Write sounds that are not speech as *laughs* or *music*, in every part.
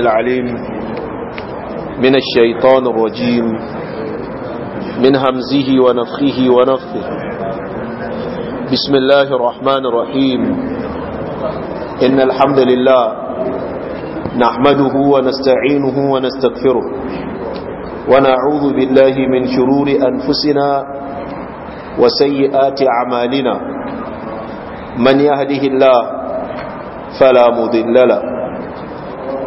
العليم من الشيطان الرجيم من همزه ونفخه ونفخه بسم الله الرحمن الرحيم إن الحمد لله نحمده ونستعينه ونستغفره ونعوذ بالله من شرور أنفسنا وسيئات أعمالنا من يهده الله فلا مضل له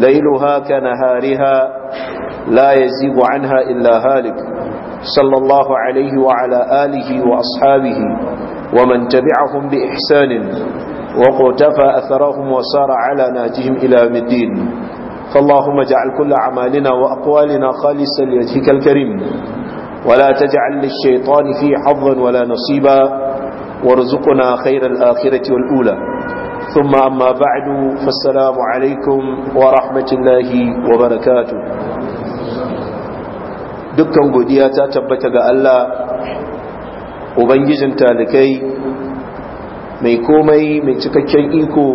ليلها كنهارها لا يزيغ عنها إلا هالك صلى الله عليه وعلى آله وأصحابه ومن تبعهم بإحسان وقتفى أثرهم وسار على ناجهم إلى مدين فاللهم اجعل كل أعمالنا وأقوالنا خالصا لوجهك الكريم ولا تجعل للشيطان فيه حظا ولا نصيبا وارزقنا خير الآخرة والأولى ثم أما بعد فالسلام عليكم ورحمة الله وبركاته دكا قديا تتبت بألا وبنجز تالكي ميكومي من تككين إيكو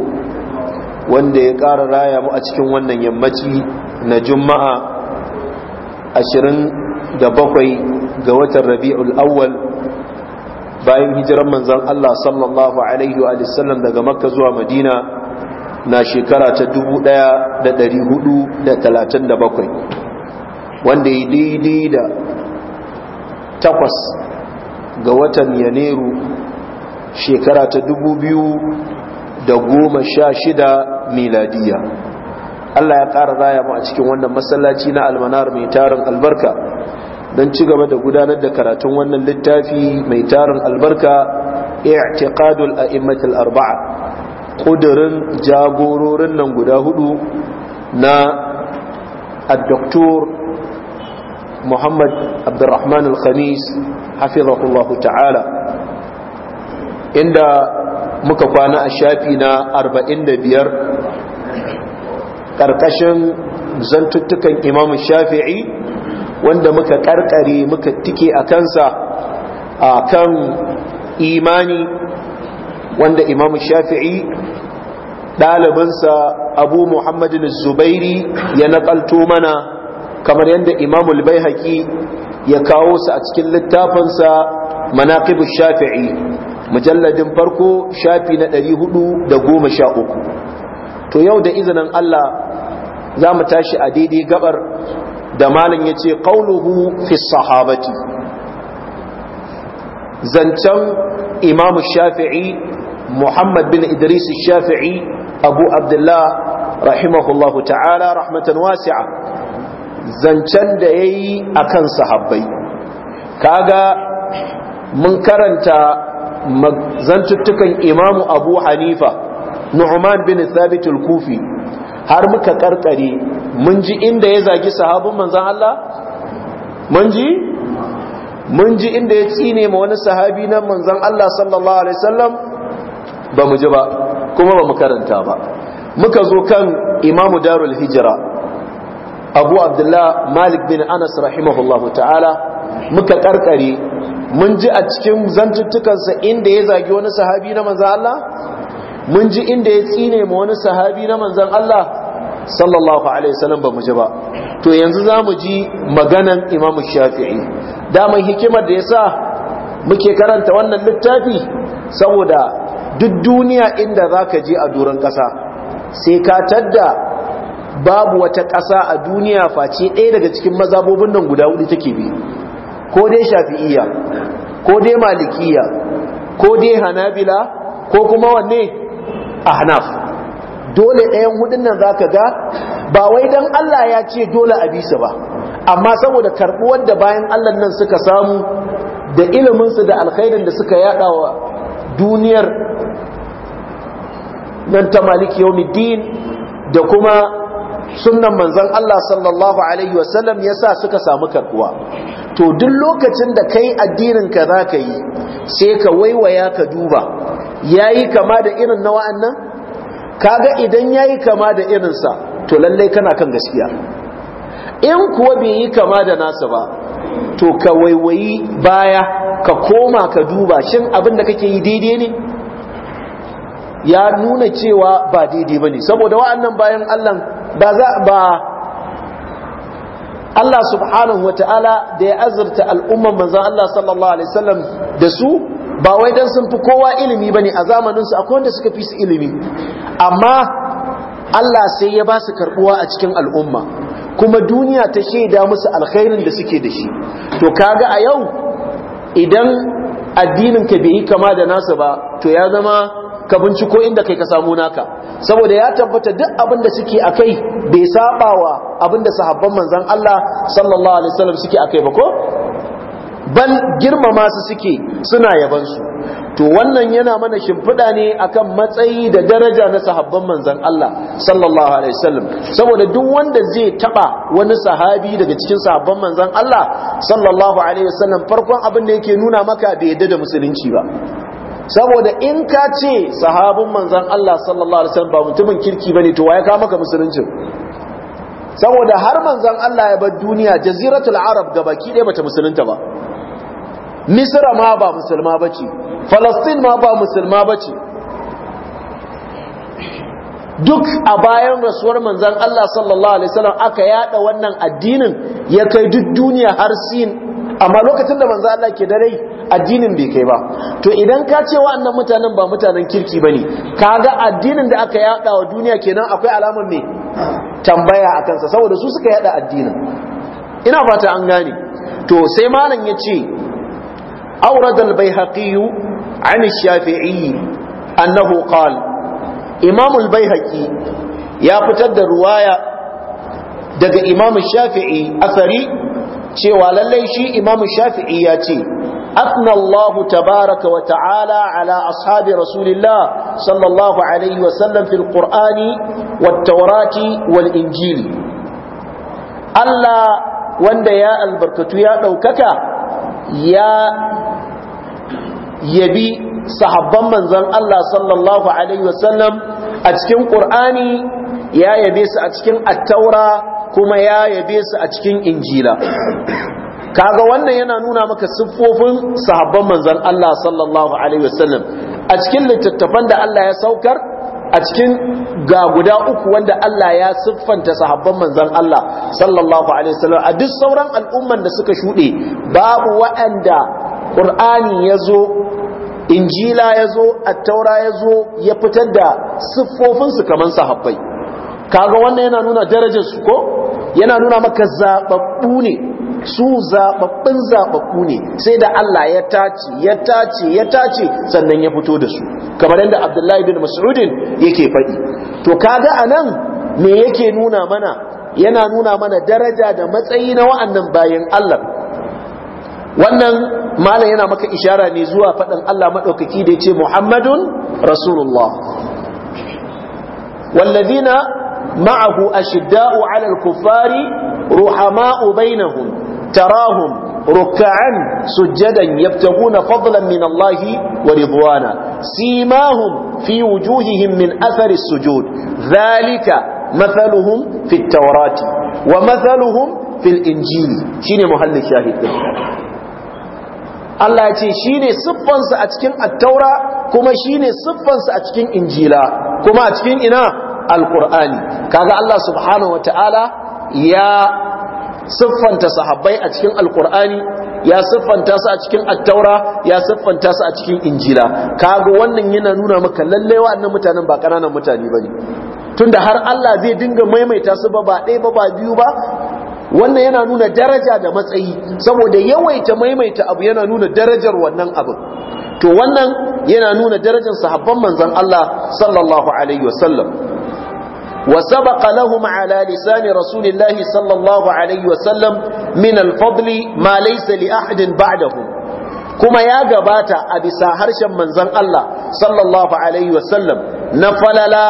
wanda ya ƙara raya mu a cikin wannan yammaci na juma'a 27 ga watan rabi'ul awwal bayan hijiran manzon Allah sallallahu alaihi wa sallam daga makka zuwa madina na shekara ta 1437 wanda ya daidai da takwas ga watan yanairu shekara ta 2016 miladiya Allah ya ƙara raya mu a cikin wannan masallaci na almanar mai tarin albarka don ci gaba da gudanar da karatun wannan littafi mai tarin albarka i'tiqadul a'immatul arba'a kudirin jagororin nan guda hudu na al-doktor muhammad abdurrahman al-khamis hafizahullahu ta'ala inda muka kwana a shafi na 45 ƙarƙashin zantuttukan imam shafi'i wanda muka karkare muka tike a kansa a kan imani wanda imam shafi'i ɗalibinsa abu muhammadin zubairi ya naƙalto mana kamar yadda imam albayhaki ya kawo su a cikin littafinsa manaƙibu shafi'i mujalladin farko shafi na ɗari da goma sha uku. to yau da izinin Allah za mu tashi a daidai gabar da malin ya ce ƙaunuhu fi sahabati zancen imamu shafi'i muhammad bin idris shafi'i abu abdullah rahimahullahu ta'ala rahmatan wasi'a zancen da ya yi a kan sahabbai kaga mun karanta zantuttukan imamu abu hanifa nu'man bin thabit al-kufi har muka karkare mun ji inda ya zagi sahabin manzan Allah mun ji mun ji inda ya tsine ma wani sahabi na manzan Allah sallallahu alaihi wasallam ba mu ji ba kuma ba mu karanta ba muka zo kan imamu darul hijira abu abdullah malik bin anas rahimahullahu ta'ala muka karkare mun ji a cikin zantuttukansa inda ya zagi wani sahabi na manzan Allah mun ji inda ya tsine ma wani sahabi na manzan Allah sallallahu alaihi wasallam ba mu ji ba to yanzu za mu ji maganan imamu shafi'i daman hikimar da ya muke karanta wannan littafi saboda duk duniya inda za ka je a doron ƙasa sai ka tadda babu wata ƙasa a duniya face ɗaya daga cikin mazabobin nan guda hudu take bi ko dai shafi'iyya ko dai malikiyya ko dai hanabila ko kuma wanne ahnaf dole ɗayan hudun nan za ka ga ba wai don Allah ya ce dole a bisa ba amma saboda karɓuwar da bayan Allah nan suka samu da iliminsu da alkhairin da suka yada wa duniyar nan ta maliki yawmiddin da kuma sunnan manzon Allah sallallahu alaihi wasallam yasa suka samu karɓuwa to duk lokacin da kai addinin ka za ka yi sai ka waiwaya ka duba yayi kama da irin na wa'annan kaga idan yayi kama da irinsa to lallai kana kan gaskiya in kuwa bai yi kama da nasa ba to ka waiwayi baya ka koma ka duba shin abin da kake yi daidai ne ya nuna cewa ba daidai bane saboda wa'annan bayan Allah ba za ba Allah subhanahu wa da ya azurta al'umman manzan Allah sallallahu Alaihi wasallam da su ba wai dan sun fi kowa ilimi bane a zamanin su akwai wanda suka fi su ilimi amma Allah sai ya ba su karbuwa a cikin al'umma kuma duniya ta shaida musu alkhairin da suke da shi to kaga a yau idan addinin ka bai kama da nasu ba to ya zama ka binciko inda kai ka samu naka saboda ya tabbata duk abin da suke akai bai saba wa abin da sahabban manzon Allah sallallahu alaihi wasallam suke akai ba ko bal girmama su suke suna yabansu to wannan yana mana shimfiɗa ne akan matsayi da daraja na sahabban manzan Allah sallallahu alaihi wasallam saboda duk wanda zai taba wani sahabi daga cikin sahabban manzan Allah sallallahu alaihi wasallam farkon abin da yake nuna maka bai yadda da musulunci ba saboda in ka ce sahabin manzan Allah sallallahu alaihi wasallam ba mutumin kirki bane to waye ka maka musuluncin saboda har manzan Allah ya bar duniya jaziratul arab gabaki ɗaya bata musulunta ba Misira ma ba musulma ba falastin ma ba musulma ba duk a bayan rasuwar manzan Allah sallallahu alaihi wasallam aka yada wannan addinin ya kai duk duniya har sin amma lokacin da manzan Allah ke dare addinin bai kai ba to idan ka ce wa'annan mutanen ba mutanen kirki ba bane kaga addinin da aka yada wa duniya kenan akwai alamar ne tambaya a kansa saboda su suka yada addinin ina fata an gane to sai malam ya ce أورد البيهقي عن الشافعي أنه قال إمام البيهقي يا فتد رواية daga imam shafi'i asari cewa lallai shi imam shafi'i ya ce afna Allah tabaraka wa ta'ala ala ashabi rasulillah sallallahu alaihi wa sallam fil qur'ani wat tawrati wal injili Allah wanda ya albarkatu ya ɗaukaka ya yabi sahabban manzon Allah sallallahu alaihi wasallam a cikin Qur'ani ya yabe su a cikin At-Taura kuma ya yabe su a cikin Injila kaga wannan yana nuna maka siffofin sahabban manzon Allah sallallahu alaihi wasallam a cikin littattafan da Allah ya saukar a cikin ga guda uku wanda Allah ya siffanta sahabban manzon Allah sallallahu alaihi wasallam a duk sauran al'umman da suka shuɗe babu waɗanda Qur'ani ya zo injila ya zo attaura ya zo ya fitar da siffofinsu kamar sahabbai kaga wannan yana nuna darajarsu ko yana nuna maka zaɓaɓɓu ne su zaɓaɓɓun zaɓaɓɓu ne sai da Allah ya tace ya tace ya tace sannan ya fito da su kamar yadda Abdullahi bin Mas'udin yake faɗi to kaga anan me yake nuna mana yana nuna mana daraja da matsayi na wa'annan bayan Allah wannan malam yana maka ishara ne zuwa faɗin Allah maɗaukaki da ya ce Muhammadun Rasulullah wallazina ma'ahu ashidda'u 'alal kuffari ruhama'u bainahum tarahum ruka'an sujjadan yabtaguna fadlan min Allah wa ridwana simahum fi wujuhihim min athari sujud dhalika mathaluhum fi at-taurati wa mathaluhum fil injili shine muhallin shahid Allah ya ce shi ne siffansa a cikin attaura kuma shi ne siffansa a cikin injila kuma a cikin ina alkur'ani kaga Allah subhanahu wa ta'ala ya siffanta sahabbai a cikin alkur'ani ya siffanta su a cikin attaura ya siffanta su a cikin injila kaga wannan yana nuna maka lallai wa'annan mutanen ba ƙananan mutane ba bane tunda har Allah zai dinga maimaita su ba ba ɗaya ba ba biyu ba wannan yana nuna daraja da matsayi saboda yawaita maimaita abu yana nuna darajar wannan abin to wannan yana nuna darajar sahabban manzon Allah sallallahu alaihi wasallam wa sabaqa lahum ala lisani rasulillahi sallallahu alaihi wasallam min al-fadli ma laysa li ahadin kuma ya gabata a bisa harshen manzon Allah sallallahu alaihi wasallam na falala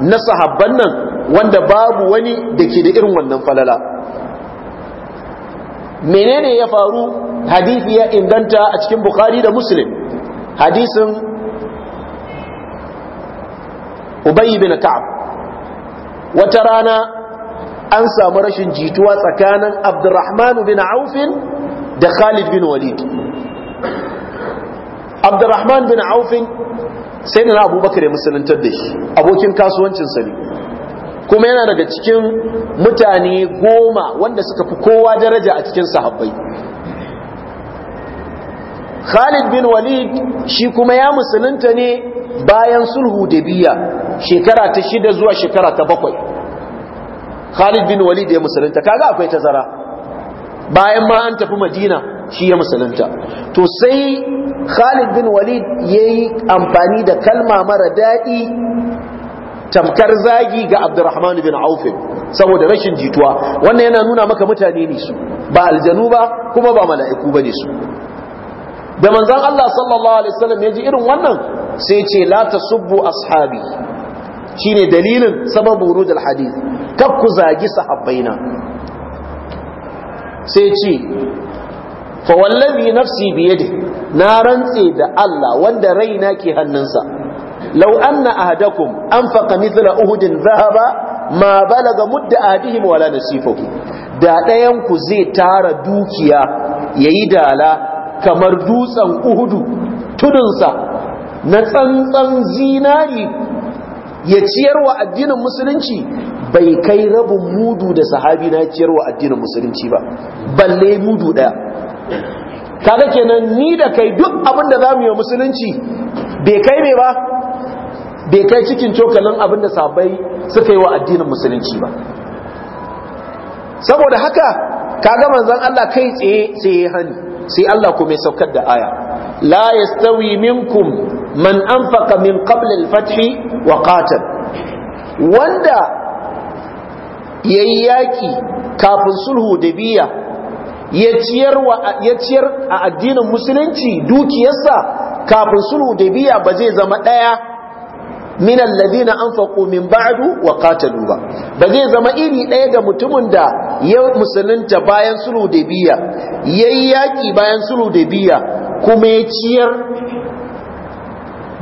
na sahabban nan wanda babu wani da ke da irin wannan falala menene ya faru hadisi ya inganta a cikin bukari da muslim hadisin ubayi bin ka'ab wata rana an samu rashin jituwa tsakanin abdurrahman bin aufin da khalid bin walid abdurrahman bin aufin sai da na abubakar ya musuluntar da shi abokin kasuwancinsa ne kuma yana daga cikin mutane goma wanda suka fi kowa daraja a cikin sahabbai Khalid bin Walid shi kuma ya musulunta ne bayan sulhu da biya shekara ta shida zuwa shekara ta bakwai Khalid bin Walid ya musulunta kaga akwai tazara bayan ma an tafi Madina shi ya musulunta to sai Khalid bin Walid ya yi amfani da kalma mara daɗi tamkar zagi ga abdurrahman bin aufin saboda rashin jituwa wannan yana nuna maka mutane ne su ba aljanu ba kuma ba mala'iku ba ne su da manzan Allah sallallahu alaihi wasallam ya ji irin wannan sai ce la tasubbu ashabi shine dalilin sababu wurud alhadith kab ku zagi sahabbaina sai ce fa wallazi nafsi biyadi na rantse da Allah wanda raina ke hannunsa law anna an anfaqa mithla uhudin dhahaba ma balaga mudda ahadihim wala nasifahu da ɗayan ku zai tara dukiya yayi dala kamar dutsen uhudu tudunsa na tsantsan zinari ya ciyarwa addinin musulunci bai kai rabin mudu da sahabi na ciyarwa addinin musulunci ba balle mudu daya kaga kenan ni da kai duk abin da zamu yi wa musulunci bai kai me ba bai kai cikin cokalin abinda sabai suka yi wa addinin musulunci ba saboda haka kaga manzon Allah kai tsaye sai ya hani sai Allah kuma ya saukar da aya la yastawi minkum man anfaqa min qabla al-fath wa qatal wanda yayi yaƙi kafin sulhu da biya ya ciyar a addinin musulunci dukiyarsa kafin sulhu da biya ba zai zama ɗaya. min alladhina anfaqu min ba'du wa qatalu ba zai zama iri ɗaya ga mutumin da ya musulunta bayan sulhu da biya yayi yaki bayan sulhu da biya kuma ya ciyar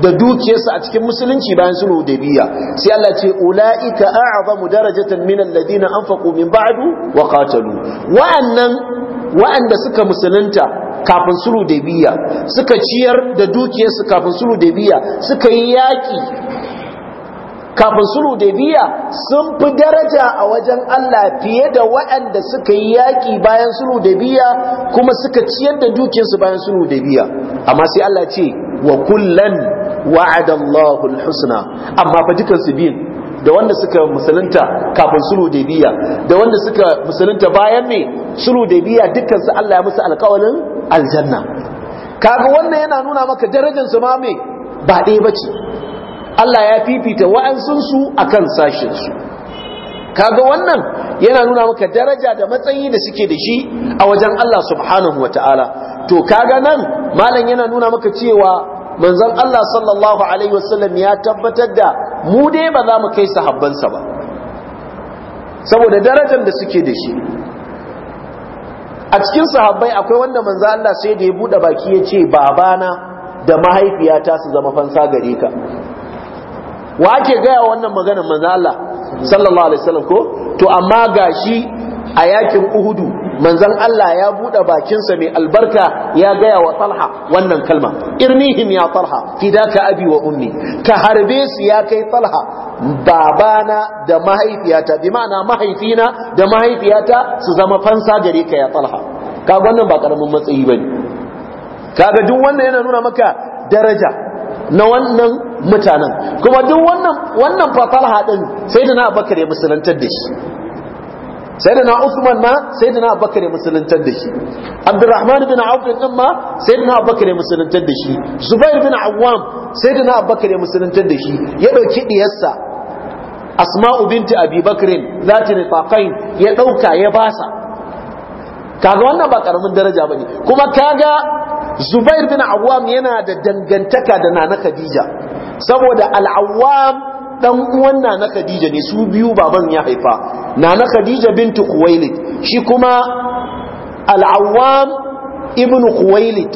da dukiyarsa a cikin musulunci bayan sulhu da biya sai Allah ce ulaika a'zamu darajatan min alladhina anfaqu min ba'du wa qatalu wa'annan wa'anda suka musulunta kafin sulhu da biya suka ciyar da dukiyarsu kafin sulhu da biya suka yi yaki. kafin sulhu biya sun fi daraja a wajen Allah fiye da waɗanda suka yi yaƙi bayan sulhu biya kuma suka ciyar da dukiyarsu bayan sulhu biya amma sai Allah ce wa kullan wa'ada Allahu husna amma fa dukan su da wanda suka musulunta kafin sulhu biya da wanda suka musulunta bayan me sulhu biya dukkan su Allah ya musu alƙawarin aljanna kaga wannan yana nuna maka darajar su ma me ba ɗaya bace Allah ya fifita wa'ansunsu a kan sashensu kaga wannan yana nuna maka daraja da matsayi da suke da shi a wajen Allah subhanahu wa ta'ala to kaga nan malam yana nuna maka cewa manzon Allah sallallahu alaihi wasallam ya tabbatar da mu dai ba za mu kai sahabbansa ba saboda darajar da suke da shi a cikin sahabbai akwai wanda manzo Allah sai da ya bude baki ya ce babana da mahaifiyata su zama fansa gare ka wa ake gaya wannan maganar manzo Allah sallallahu alaihi wasallam ko to amma gashi a yakin Uhudu manzon Allah ya bude bakinsa mai albarka ya gaya wa Talha wannan kalma irmihim ya Talha fidaka abi wa ummi ka harbe su ya kai Talha babana da mahaifiyata bi ma'ana mahaifina da mahaifiyata su zama fansa gare ka ya Talha kaga wannan ba karamin matsayi bane kaga duk wannan yana nuna maka daraja na wannan mutanen kuma duk wannan wannan fasalha din sai da na abakar ya musulantar da shi sai da na usman ma sai da na abakar ya musulantar da shi abdurrahman bin auf din ma sai da na abakar ya musulantar da shi zubair bin awwam sai da na abakar ya musulantar da shi ya dauki diyarsa asma'u binti abi bakrin zati rifaqain ya dauka ya basa kaga wannan ba karamin daraja bane kuma kaga zubair bin awwam yana da dangantaka da nana khadija saboda Al-Awwam dan uwan nana khadija ne su biyu baban ya haifa nana khadija bintu khuwailid shi kuma al'awwam ibn khuwailid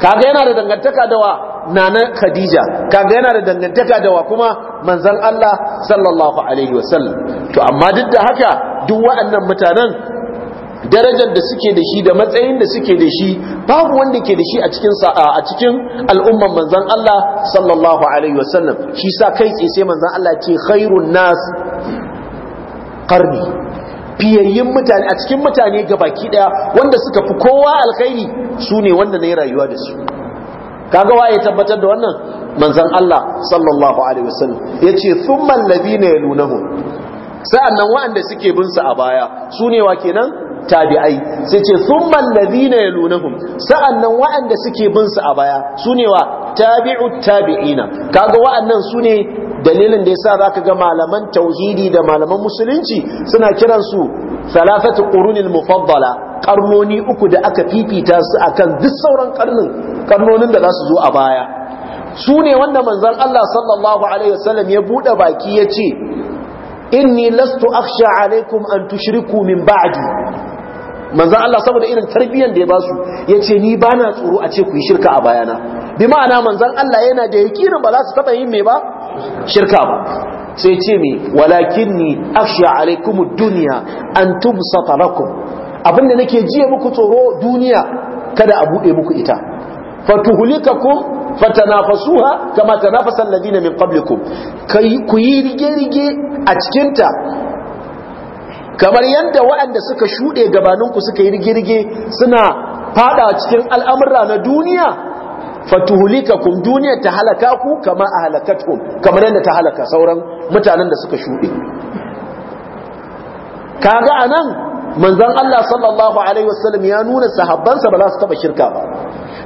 kaga yana da dangantaka da wa nana khadija kaga yana da dangantaka da wa kuma manzon Allah sallallahu alaihi wasallam to amma duk da haka duk waɗannan mutanen darajar da suke da shi da matsayin da suke da shi babu wanda ke da shi a cikin a cikin al'umman manzon Allah sallallahu alaihi wasallam shi sa kai tsaye sai manzon Allah ce khairun nas qarni fiyayyin mutane a cikin mutane baki daya wanda suka fi kowa alkhairi sune wanda na yi rayuwa da su kaga waye tabbatar da wannan manzon Allah sallallahu alaihi wasallam yace thumma alladhina yalunahu sa'annan wa'anda suke bin su a baya sune wa kenan tabi'ai sai ce thumma alladhina yalunahum sa'annan wa'anda suke bin su a baya sune wa tabi'ut tabi'ina kaga wa'annan sune dalilin da yasa zaka ga malaman tauhidi da malaman musulunci suna kiran su thalathatu qurunil mufaddala karnoni uku da aka fifita su akan duk sauran karnin karnonin da za su zo a baya su ne wanda manzon Allah sallallahu alaihi wasallam ya bude baki ya ce inni lastu akhsha alaikum an tushriku min ba'di manzan Allah saboda irin tarbiyyar da ya basu ya ce ni ba na tsoro a ce ku yi shirka a bayana bi ma'ana manzan Allah yana da yakinin ba za su taɓa yin mai ba shirka ba sai ce mi walakin ni akhsha alaikum duniya an tubu lakum abinda nake jiya muku tsoro duniya kada a buɗe muku ita ku fatanafasuha kama tanafasan ladina min qablikum kai ku yi rige rige a cikinta. kamar yadda waɗanda suka shuɗe gabaninku suka yi rigirge suna fada cikin al'amurra na duniya fatuhulika kun duniya ta halaka ku kama a kamar yadda ta halaka sauran mutanen da suka shuɗe kaga a nan manzan Allah sallallahu alaihi wasallam ya nuna sahabbansa ba za su taɓa shirka ba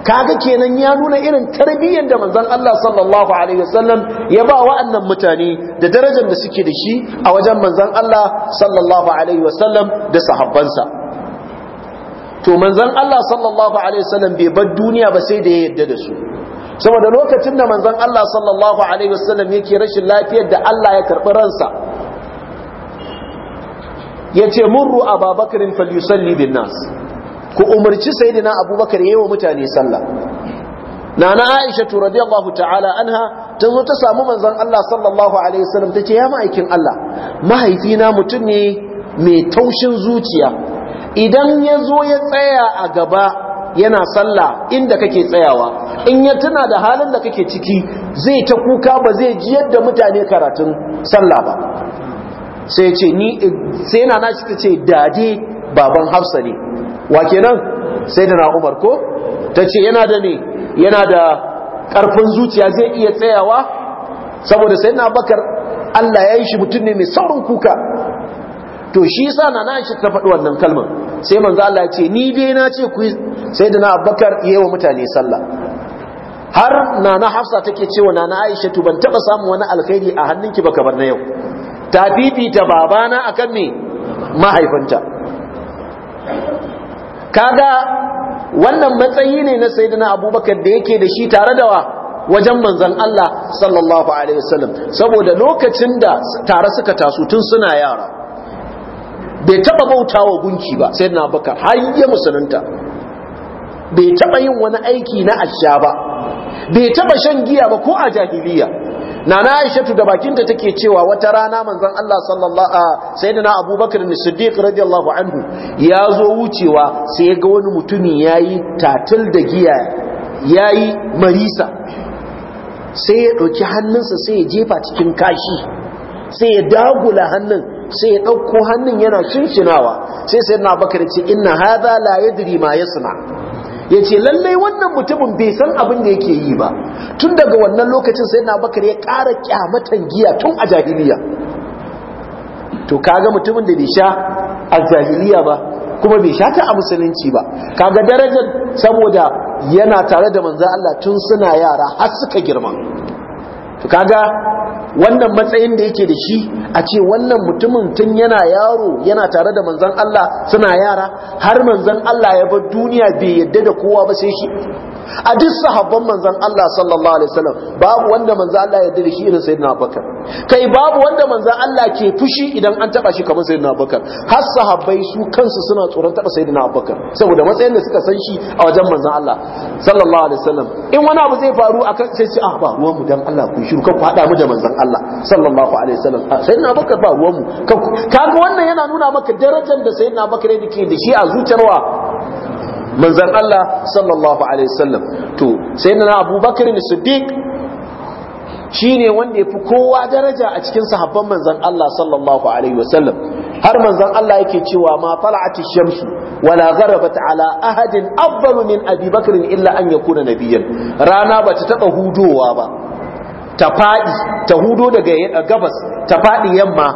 kaga kenan ya nuna irin tarbiyyar da manzon Allah sallallahu alaihi wasallam ya ba wa'annan mutane da darajar da suke da shi a wajen manzon Allah sallallahu alaihi wasallam da sahabbansa to manzon Allah sallallahu alaihi wasallam bai bar duniya ba sai da ya yarda da su saboda lokacin da manzon Allah sallallahu alaihi wasallam yake rashin lafiyar da Allah ya karbi ransa yace murru ababakrin falyusalli bin nas ku umarci sayyidina abubakar yi wa mutane sallah nana aisha tu radiyallahu ta'ala anha ta zo ta samu manzon Allah sallallahu alaihi wasallam tace ya ma'aikin Allah mahaifina mutum ne mai taushin zuciya idan ya zo ya tsaya a gaba yana sallah inda kake tsayawa in ya tuna da halin da kake ciki zai ta kuka ba zai ji yadda mutane karatun sallah ba sai ce ni sai na nashi ta ce dade baban hafsa ne wa kenan sai da na umar ko ta ce yana da ne yana da ƙarfin zuciya zai iya tsayawa saboda sai na bakar allah ya yi shi mutum ne mai saurin kuka to shi sa na na shi ta faɗi wannan kalmar sai manzo allah ce ni dai na ce ku sai da na abakar yi wa mutane sallah har nana hafsa take cewa nana aisha to ban taɓa samun wani alkhairi a hannunki ba kamar na yau ta fifita babana akan me mahaifinta kaga wannan matsayi ne na sayyidina abubakar da yake da shi tare da wajen manzon Allah sallallahu alaihi wasallam saboda lokacin da tare suka taso tun suna yara bai taba bautawa gunki ba sayyidina abubakar har ya musulunta bai taba yin wani aiki na asha ba bai taba shan giya ba ko a jahiliyya nana aishatu da bakinta take cewa wata rana manzon Allah sallallahu ah, sayyidina abubakar as-siddiq radiyallahu anhu ya zo wucewa sai ya ga wani mutumi yayi tatil da giya yayi marisa sai ya dauki hannunsa sai ya jefa cikin kashi sai ya dagula hannun sai ya dauko hannun yana cincinawa sai sayyidina abubakar ce inna hadha la yadri ma yasna ya ce lallai wannan mutumin bai san abin da yake yi ba tun daga wannan lokacin sai na bakar ya ƙara kyamatan giya tun a jahiliya to kaga mutumin da bai sha a jahiliya ba kuma bai sha ta a musulunci ba kaga darajar saboda yana tare da manzan Allah tun suna yara har suka girma to kaga wannan matsayin da yake da shi a ce wannan mutumin tun yana yaro yana tare da manzan Allah suna yara har manzan Allah ya bar duniya bai yadda da kowa ba sai shi a duk sahabban manzan Allah sallallahu alaihi wasallam babu wanda manzan Allah ya da shi irin sayyidina Abubakar kai babu wanda manzan Allah ke fushi idan an taba shi kamar sayyidina Abubakar har sahabbai su kansu suna tsoron taba sayyidina Abubakar saboda matsayin da suka san shi a wajen manzan Allah sallallahu alaihi wasallam in wani abu zai faru akan sai ce ah ba ruwan mu dan Allah ku shiru kan fada mu da manzan Allah sallallahu alaihi wasallam ah, sayyidina Abubakar ba ruwan mu kaga wannan yana nuna maka darajar da sayyidina Abubakar yake da shi a zuciyarwa manzon Allah sallallahu alaihi wasallam to sayyidina Abubakar Siddiq shine wanda yafi kowa daraja a cikin sahabban manzon Allah sallallahu alaihi wasallam har manzon Allah yake cewa ma fala'ati shamsu wala gharabat ala ahadin afdalu min Abi illa an yakuna nabiyyan rana ba ta taba hudowa ba ta faɗi ta hudo daga gabas ta faɗi yamma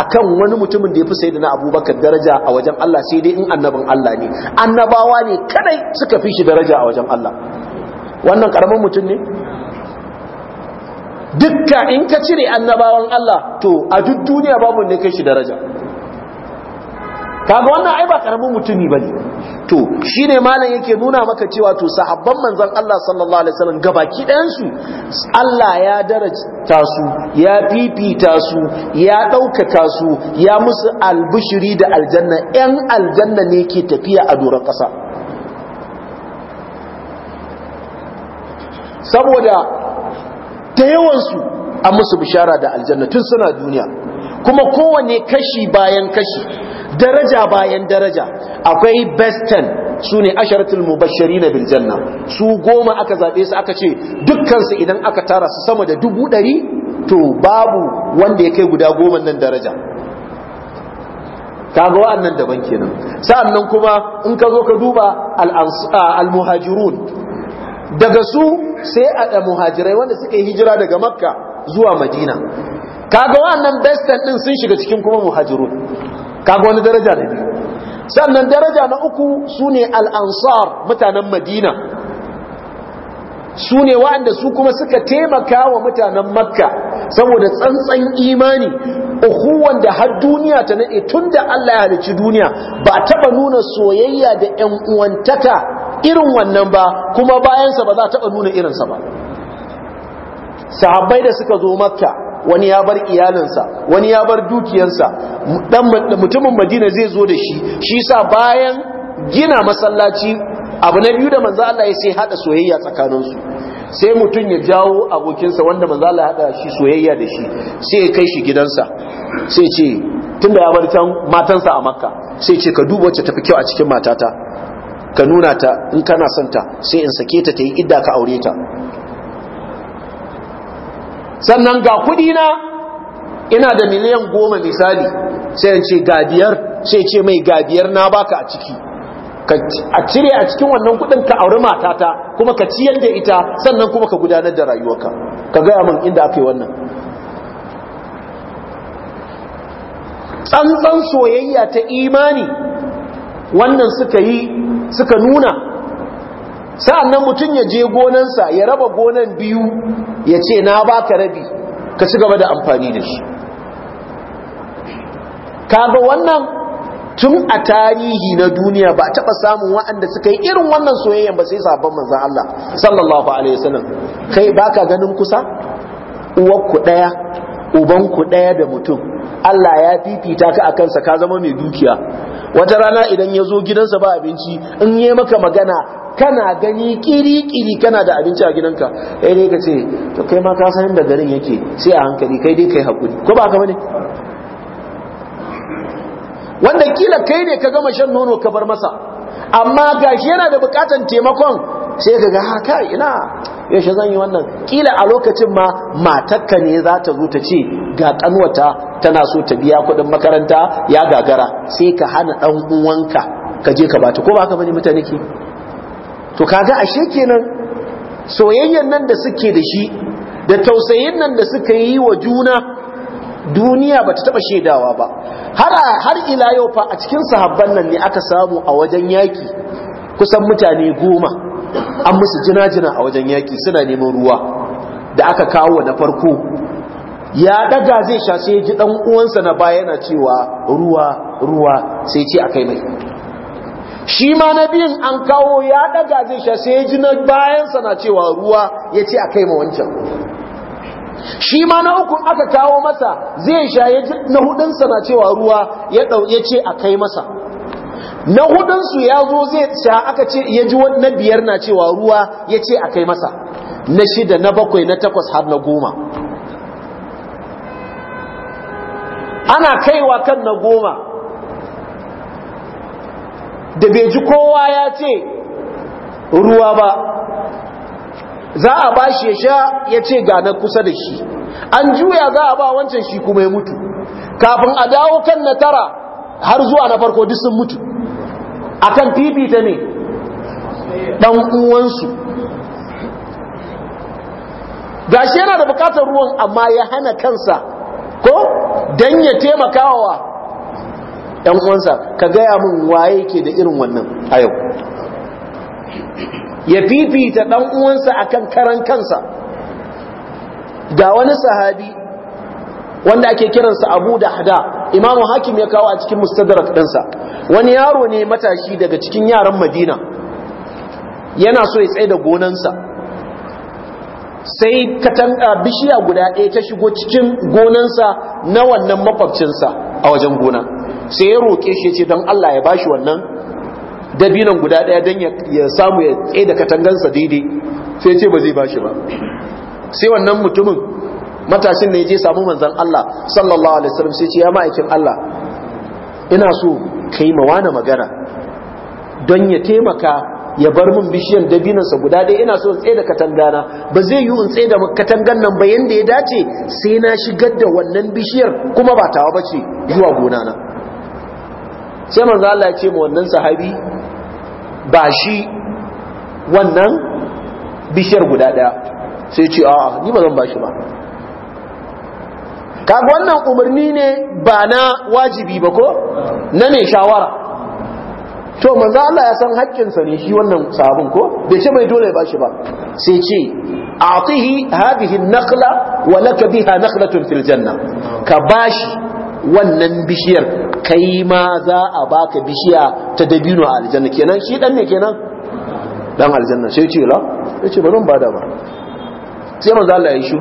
akan wani mutumin da ya fi sayyidina abubakar daraja a wajen Allah sai dai in annabin Allah ne annabawa ne kadai suka fi shi daraja a wajen Allah wannan karamin mutum ne dukka in ka cire annabawan Allah to a duk duniya babu ne kai shi daraja kaga wannan ai ba karamin mutumi bane to shine malam yake nuna maka cewa to sahabban manzon Allah sallallahu alaihi wasallam gabaki ɗayan su Allah ya darajta su ya fifita su ya ɗaukaka su ya musu albushiri da aljanna ɗan aljanna ne ke tafiya a doron ƙasa saboda da yawansu an musu bishara da aljanna tun suna duniya kuma kowane kashi bayan kashi daraja bayan daraja akwai bestan su ne asharatul mubashiri na biljanna su goma aka zaɓe su aka ce dukkansu idan aka tara su sama da dubu ɗari to babu wanda ya kai guda goma nan daraja kaga wa'annan daban kenan sa'annan kuma in ka zo ka duba al-muhajirun daga su sai a muhajirai wanda suka yi hijira daga makka zuwa madina ga wa'annan bestan din sun shiga cikin kuma muhajirun kaga wani daraja da biyu sannan daraja na uku su ne al'ansar mutanen madina su ne waɗanda su kuma suka taimaka wa mutanen makka saboda tsantsan imani uhuwan da har duniya ta naɗe tun da Allah ya halici duniya ba taɓa nuna soyayya da ‘yan uwantaka irin wannan ba kuma bayansa ba za taɓa nuna irinsa ba sahabbai da suka zo makka wani ya bar iyalinsa wani ya bar dukiyarsa mutumin madina zai zo da shi shi sa bayan gina masallaci abu na biyu da manzo Allah ya sai haɗa soyayya tsakaninsu sai mutum ya jawo abokinsa wanda manzo Allah ya hada shi soyayya da shi sai ya kai shi gidansa sai ce tunda ya bar can matansa a makka sai ce ka duba wacce tafi kyau a cikin matata ka nuna ta in kana santa ta sai in sake ta ta yi idda ka aure ta sannan ga kuɗi na ina da miliyan goma misali sai in ce sai ce mai gadiyar na baka a ciki a cire a cikin wannan kuɗin ka auri matata kuma ka ciyar da ita sannan kuma ka gudanar da rayuwarka ka gaya min inda aka yi wannan tsantsan soyayya ta imani wannan suka yi suka nuna sa'an nan mutum ya je gonansa ya raba gonan biyu ya ce na baka rabi ka ci gaba da amfani da shi kaga wannan tun a tarihi na duniya ba a taɓa samun wa'anda suka yi irin wannan soyayyan ba sai sabon manzan Allah sallallahu alaihi wasallam kai baka ganin kusa uwarku ɗaya ubanku ɗaya da mutum Allah ya fifita ka a kansa ka zama mai dukiya wata rana idan ya zo gidansa ba abinci in yi maka magana kana gani kiri-kiri kana da abinci a gidanka sai ka ce to kai ma ka san da garin yake sai a hankali kai dai kai hakuri ko ba ka bane wanda kila kai ne ka gama shan nono ka bar masa amma gashi yana da bukatan taimakon sai ka ga haka ina yaushe zan yi wannan kila a lokacin ma matakka ne za ta zo ta ce ga kanwata tana so ta biya kuɗin makaranta ya gagara sai ka hana ɗan uwanka ka je ka bata ko ba ka bane mutane ke to kaga ashe kenan soyayyan nan da suke da shi da tausayin nan da suka yi wa juna duniya bata ta taɓa shaidawa ba har ila yau fa a cikin sahabban nan ne aka samu a wajen yaki kusan mutane goma an musu jina-jina a wajen yaki suna neman ruwa da aka kawo na farko ya daga zai sha sai ji dan uwansa na baya yana cewa ruwa ruwa sai ce akai mai shi ma na biyun an kawo ya daga zai sha sai ji na bayansa na cewa ruwa ya ce akai ma wancan shi ma na ukun aka kawo masa zai sha ya ji na hudunsa na cewa ruwa ya ce akai masa na hudunsu ya zo zai sha aka ce ya ji na biyar na cewa ruwa ya ce a kai masa na shida na bakwai na takwas har na goma ana kaiwa kan na goma da bai ji kowa ya ce ruwa ba za a ba shi ya sha ya ce ga na kusa da shi an juya za a ba wancan shi kuma ya mutu kafin a dawo kan na tara har zuwa na farko duk sun mutu akan fifita ne dan uwansu gashi yana da bukatar ruwan amma ya hana kansa ko dan ya taimakawa yan uwansa ka gaya min waye ke da irin wannan a yau ya fifita dan uwansa akan karan kansa ga wani sahabi wanda ake kiransa abu da hada imamu hakim ya kawo a cikin mustadrak ɗinsa wani yaro ne matashi daga cikin yaran madina yana so ya tsaye da gonansa sai katanga bishiya guda ɗaya ta shigo cikin gonansa na wannan makwabcinsa a wajen gona sai ya roƙe shi ce don allah ya bashi wannan dabinan guda ɗaya don ya samu ya tsaye da katangansa daidai sai ya ce ba zai bashi ba sai wannan mutumin matashin da ya je samu manzan Allah sallallahu alaihi wasallam sai ce ya ma'aikin Allah ina so kai mawana magana don ya taimaka ya bar min bishiyan dabinansa guda ɗaya ina so in tsaye da katangana ba zai yi in tsaye da katangan nan ba yanda ya dace sai na shigar da wannan bishiyar kuma ba tawa ba ce zuwa gona na sai manzo Allah ya ce ma wannan sahabi ba shi wannan bishiyar guda ɗaya sai ce a'a ni ba zan ba shi ba kaga wannan umarni ne ba na wajibi ba ko na mai shawara to manzo Allah ya san haƙƙinsa ne shi wannan sabon ko bai ce mai dole ba shi ba sai ce atihi hadhihi an-nakhla wa lak biha nakhlatun fil janna ka bashi wannan bishiyar kai ma za a baka bishiya ta dabino a aljanna kenan shi dan ne kenan dan aljanna sai ce la sai ce ba don bada ba sai manzo Allah ya yi shi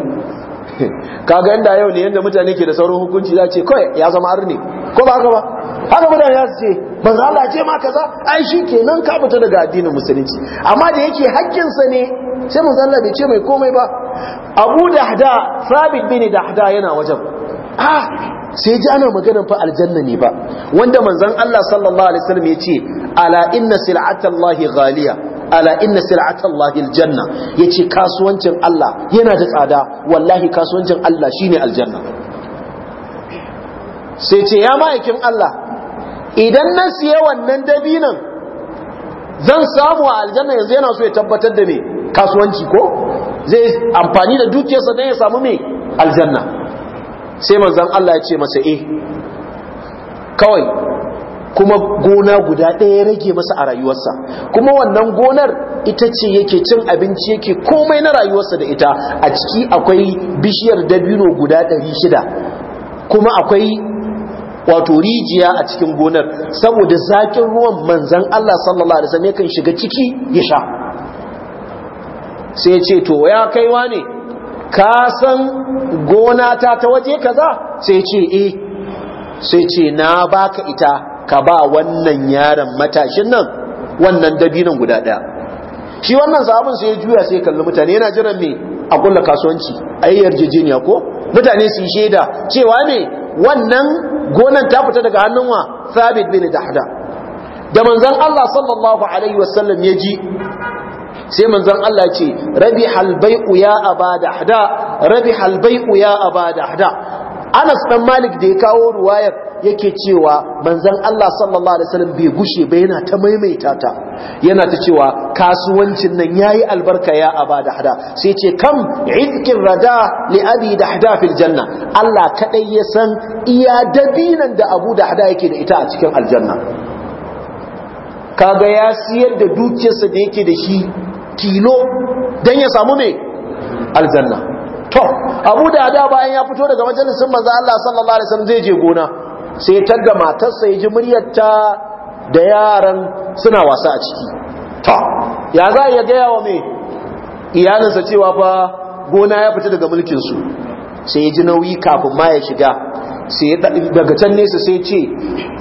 *laughs* kaga inda yau ne yanda mutane ke da sauran hukunci za ce kawai ya zama arni ko ba haka ba haka mutane ya su ce ba za a ce ma kaza ai shi kenan ka fito daga addinin musulunci amma da yake hakkinsa ne sai mu zalla bai ce mai komai ba Abu da hada Sabit bin Hada yana wajen ah sai ji ana maganar fa aljanna ne ba wanda manzon Allah sallallahu alaihi wasallam ya ce ala inna sil'atallahi ghaliya ala inna sil'ata aljanna yace kasuwancin Allah yana da tsada wallahi kasuwancin Allah shine aljanna sai ce ya ma'aikin Allah idan na siya wannan dabinan zan samu a aljanna yanzu yana so ya tabbatar da me kasuwanci ko zai amfani da dukiyarsa don ya samu me aljanna sai manzon Allah ya ce masa eh kawai kuma gona guda ɗaya rage masa a rayuwarsa kuma wannan gonar ita ce yake cin abinci yake komai na rayuwarsa da ita a ciki akwai bishiyar dabino guda ɗari shida kuma akwai wato rijiya a cikin gonar saboda zaƙin ruwan manzan Allah sallallahu alaihi wasallam yakan shiga ciki ya sha sai ya ce to ya kai wa ne ka san gona ta ta waje kaza sai ya ce eh sai ce na baka ita ka ba wannan yaron matashin nan wannan dabinin guda ɗaya shi wannan sabon sai ya juya sai kalli mutane yana jiran mai a kulla kasuwanci a yi yarjejeniya ko mutane su yi shaida cewa ne wannan gonan ta fita daga hannun wa thabit bin dahda da manzon Allah sallallahu alaihi wasallam ya ji sai manzon Allah ce rabi halbai'u ya abada dahda rabi halbai'u ya aba dahda Anas dan Malik da ya kawo ruwayar yake cewa manzon Allah sallallahu alaihi wasallam bai gushe ba yana ta maimaita ta yana ta cewa kasuwancin nan yayi albarka ya da hada sai ce kam idkin rada li abi hada fil janna Allah kadai ya san iya dabinan da Abu da hada yake da ita a cikin aljanna kaga ya siyar da dukiyarsa da yake da shi kilo dan ya samu mai aljanna to abu da da bayan ya fito daga majalisun manzo Allah sallallahu alaihi wasallam zai je gona sai ta ga matarsa ya ji muryarta da yaran suna wasa a ciki to ya za ya ga yawa me iyalinsa cewa fa gona ya fita daga mulkin su sai ya ji nauyi kafin ma ya shiga sai daga can nesa sai ce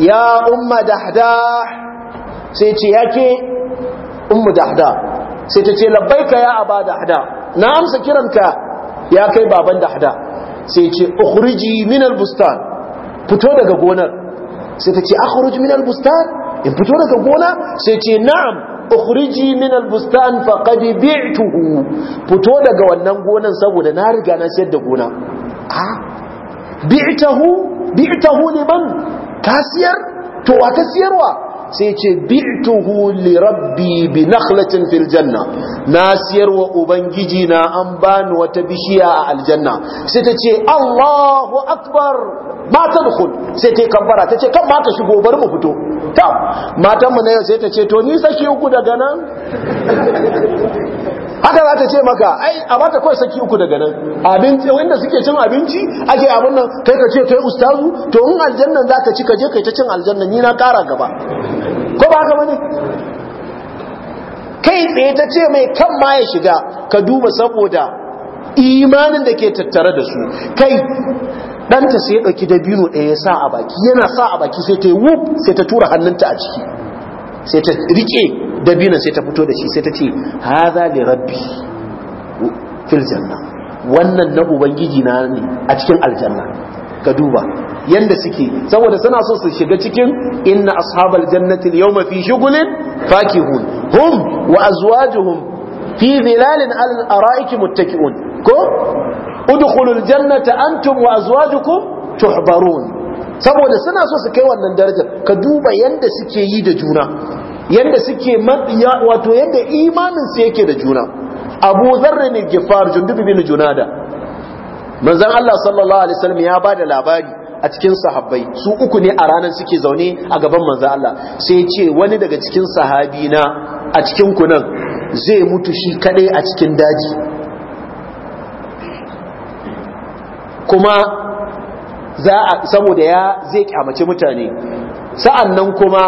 ya umma dahda sai ce yake ummu dahda sai ta ce labbaika ya abada dahda na amsa kiranka ya kai baban dahda sai ce ukhriji min albustan fito daga gonar sai ta ce akhruj min albustan in fito daga gona sai ce na'am ukhriji min albustan faqad bi'tuhu fito daga wannan gonan saboda na riga na sayar da gona a ah, bi'tahu bi'tahu liman kasiyar to wa kasiyarwa sai ce bi'tuhu li rabbi bi nakhlatin fil janna na siyarwa ubangiji na an bani wata bishiya a aljanna sai ta ce Allahu akbar ma tadkhul sai ta kabbara ta ce kan ma ka shigo bari mu fito ta matan mu na yau sai ta ce to ni saki uku daga nan haka za ta ce maka ai a bata kawai saki uku daga nan abinci wanda suke cin abinci ake abin nan kai ka ce kai ustazu to in aljannan za ka ci ka je kai ta cin aljannan ni na kara gaba ko ba haka bane kai tsaye ta ce mai kan ma ya shiga ka duba saboda imanin da ke tattare da su kai ɗanta sai ya ɗauki dabino ɗaya ya sa a baki yana sa a baki sai ta yi wuf sai ta tura hannunta a ciki sai ta rike dabinan sai ta fito da shi sai ta ce haza li rabbi fil janna wannan na ubangiji na ne a cikin aljanna ka duba yanda suke saboda suna so su shiga cikin inna ashabal jannati al-yawma fi shughulin fakihun hum wa azwajuhum fi zilalin al-ara'iki muttaki'un ko udkhulul jannata antum wa azwajukum tuhbarun saboda suna so su kai wannan darajar ka duba yanda suke yi da juna yadda suke wato yanda imanin yake da juna abu zarra ne gifar jundubi bin da manzan Allah sallallahu alaihi wasallam ya bada labari a cikin sahabbai su uku ne a ranar suke zaune a gaban manzan Allah sai ya ce wani daga cikin sahabi na a cikin ku nan zai mutu shi kadai a cikin daji kuma za a saboda ya zai kyamace mutane sa'an nan kuma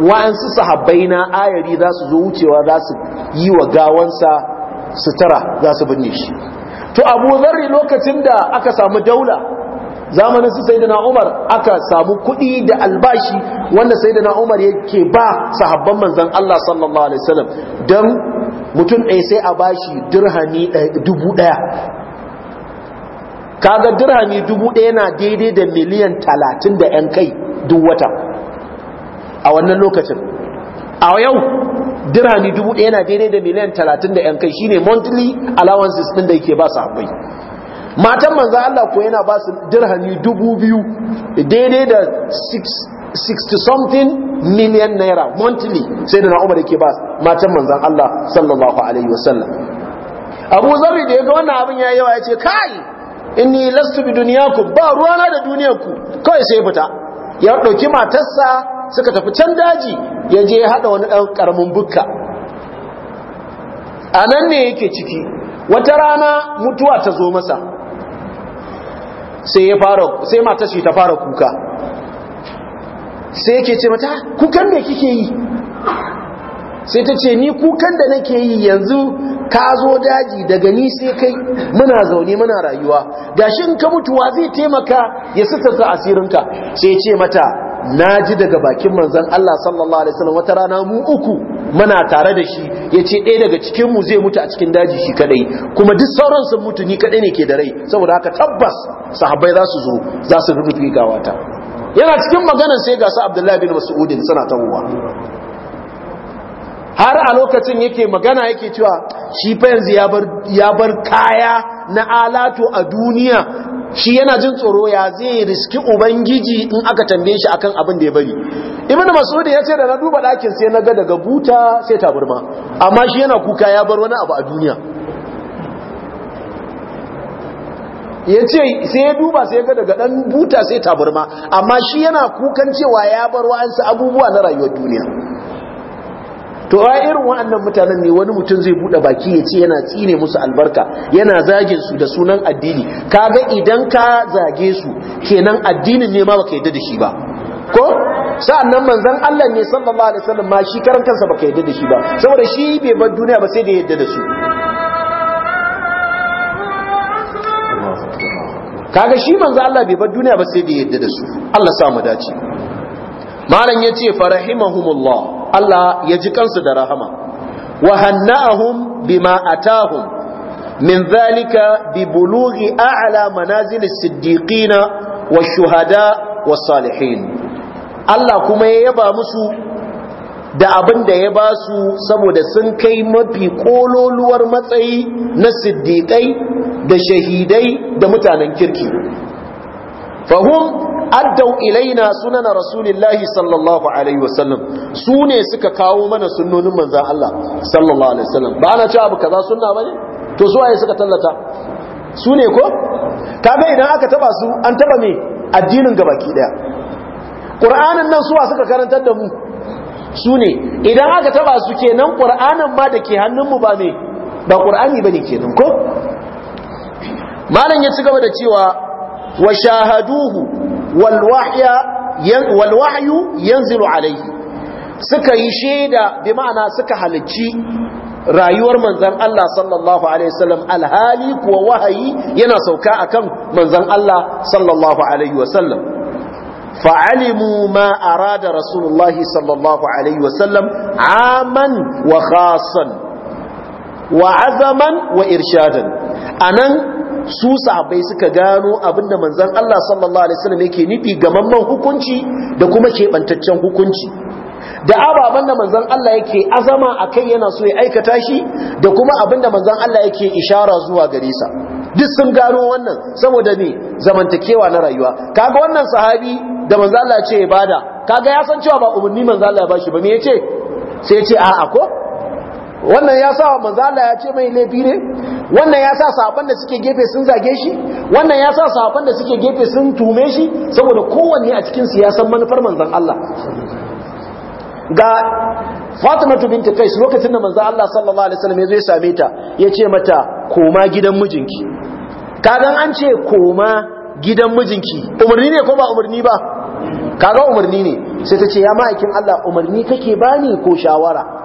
wa'ansu sahabbai na ayari za su zo wucewa za su yi wa gawansa sutura za su binne shi to abu zarri lokacin da aka samu daula zamanin su Saidana Umar aka samu kuɗi da albashi wanda Saidana Umar yake ba sahabban manzan Allah sallallahu alaihi wasallam dan mutum ɗaya sai a bashi dirhami dubu ɗaya kaga dirhami dubu ɗaya na daidai da miliyan talatin da 'yan kai duk wata a wannan lokacin a yau dirhami dubu ɗaya na daidai da miliyan talatin da 'yan kai shine monthly allowances ɗin da yake ba su haɓai matan manza Allah ko yana ba su dirhami dubu biyu daidai da 60 something million naira monthly sai da na umar yake ba matan manzan Allah sallallahu alaihi wasallam abu zarri da ya ga wannan abin ya yawa ya ce kai inni lastu bi duniyakum ba ruwana da duniyarku kawai sai fita ya dauki matarsa suka tafi can daji ya je hada wani dan karamin bukka anan ne yake ciki wata rana mutuwa ta zo masa sai ya fara sai matar ta fara kuka sai yake ce mata ah, kukan me kike yi sai ta ce ni kukan da nake yi yanzu ka zo daji daga ni sai kai muna zaune muna rayuwa in ka mutuwa zai taimaka ya asirin asirinka sai ce mata na ji daga bakin manzan Allah sallallahu alaihi wasallam wata rana mu uku muna tare da shi Ya ce ɗaya daga cikin mu zai mutu a cikin daji shi kadai kuma duk sauran sun mutu ni kadai ne ke da rai saboda haka tabbas sahabbai za su zo za su rubuta gawata yana cikin maganar sai ga su Abdullahi bin Mas'udin suna tawowa har a lokacin yake magana yake cewa shi fa yanzu ya bar kaya na alato a duniya shi yana jin tsoro ya zai riski ubangiji in aka tambaye shi akan abin da ya bari ibnu mas'ud ya ce da na duba dakin sai naga daga buta sai taburma amma shi yana kuka ya bar wani abu a duniya ya ce sai ya duba sai ga daga dan buta sai taburma amma shi yana kukan cewa ya bar wa'ansu abubuwa na rayuwar duniya to a irin wa'annan mutanen ne wani mutum zai buɗe baki ya ce yana tsine musu albarka yana zagin su da sunan addini kaga idan ka zage su kenan addinin ne ma baka yadda da shi ba ko sa'annan manzon Allah ne sallallahu alaihi wasallam ma shi karan kansa baka yadda da shi ba saboda shi bai bar duniya ba sai da yadda da su kaga shi manzon Allah bai bar duniya ba sai da yadda da su Allah sa mu dace malam ya ce farahimahumullah Allah ya ji kansu da rahama wa hanna'ahum bima atahum min zalika bi bulughi a'la manazil siddiqina wa shuhada wa salihin Allah kuma ya yaba musu da abin da ya ba su saboda sun kai mafi kololuwar matsayi na siddiqai da shahidai da mutanen kirki fahim addau ilaina sunan rasulillahi sallallahu alaihi wasallam su ne suka kawo mana sunnonin manzan Allah sallallahu alaihi wasallam ba na cewa abu kaza sunna bane to su waye suka tallata su ne ko kaga idan aka taba su an taba me addinin gabaki daya qur'anin nan su wa suka karantar da mu su ne idan aka taba su kenan qur'anin ma da ke mu ba me ba qur'ani bane kenan ko malam ya ci gaba da cewa wa shahaduhu wal wahyu yanzilu alayhi suka yi shaida bi ma'ana suka halicci rayuwar manzan Allah sallallahu alaihi wasallam alhali kuwa wahayi yana sauka akan manzan Allah sallallahu alaihi wasallam fa'alimu ma arada rasulullah sallallahu alaihi wasallam aman wa khasan wa azaman wa irshadan anan su sahabbai suka gano abinda manzon Allah sallallahu alaihi wasallam yake nufi ga mamman hukunci da kuma kebantaccen hukunci da ababen da manzon Allah yake azama akai yana so ya aikata shi da kuma abinda manzon Allah yake ishara zuwa gare sa duk sun gano wannan saboda ne zamantakewa na rayuwa kaga wannan sahabi da manzon Allah ya ce ibada kaga ya san cewa ba umarni manzon Allah ya bashi ba me yace sai ya ce a'a ko wannan ya sa wa Manzala ya ce mai laifi ne wannan ya sa sahabban da suke gefe sun zage shi wannan ya sa sahabban da suke gefe sun tume shi saboda kowanne a cikin siyasan manufar manzan Allah ga Fatima kai su lokacin da manzan Allah sallallahu alaihi wasallam ya zo ya same ta ya ce mata koma gidan mijinki kagan an ce koma gidan mijinki umarni ne ko ba umarni ba kaga umarni ne sai ta ce ya ma'aikin Allah umarni kake bani ko shawara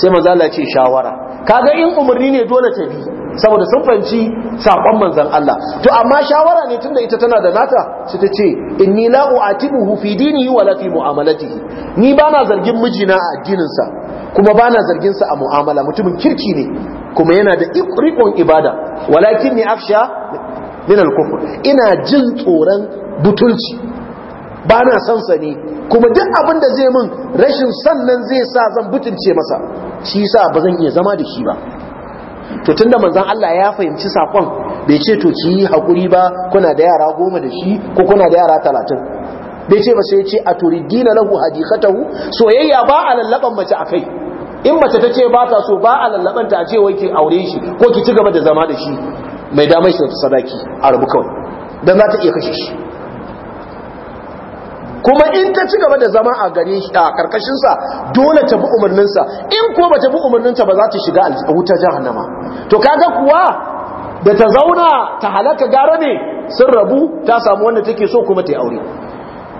sai manzo Allah ce shawara kaga in umarni ne dole ta bi saboda sun fanci sakon manzan Allah to amma shawara ne tunda ita tana da nata su ta ce inni la u'atibuhu fi dinihi wala fi mu'amalatihi ni bana zargin mijina a addinin sa kuma bana zargin sa a mu'amala mutumin kirki ne kuma yana da rikon ibada walakin ni afsha min al ina jin tsoron butulci bana son sa ne kuma duk abin da zai mun rashin sannan zai sa zan butunce masa shi sa ba zan iya zama da shi ba to tunda manzon Allah ya fahimci sakon bai ce to ki yi hakuri ba kuna da yara goma da shi ko kuna da yara talatin bai ce ba sai ce a turi dina lahu hadikatahu soyayya ba a lallaban mace a kai in mace ta ce ba ta so ba a lallaban ta a ce wai ki aure shi ko ki ci gaba da zama da shi mai damar shi sadaki a rabu kawai dan za ta iya kashe shi kuma in ta ci gaba da zama a gare a karkashin sa dole ta bi umarnin sa in ko ba ta bi umarnin ta ba za ta shiga wuta jahannama to kaga kuwa da ta zauna ta halaka gara ne sun rabu ta samu wanda take so kuma ta yi aure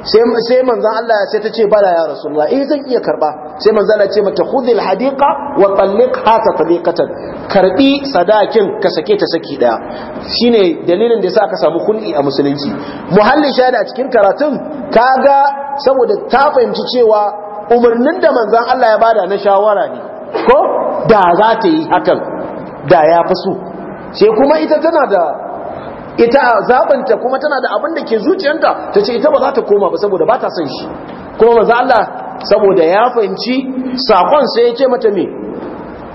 sai manzan Allah sai ta ce bala ya rasulullah eh zan iya karba sai manzan Allah ce mata khudhil hadiqa wa talliqha tatliqatan karbi sadakin ka sake ta saki daya shine dalilin da yasa aka samu kul'i a musulunci muhalli shahada a cikin karatun kaga saboda ta fahimci cewa umarnin da manzan Allah ya bada na shawara ne ko da za ta yi hakan da ya fi so sai kuma ita tana da ita zabanta kuma tana da abin da ke zuciyarta ta ce ita ba za ta koma ba saboda ba ta son shi kuma manzo Allah saboda ya fahimci sakon sai ya ce mata me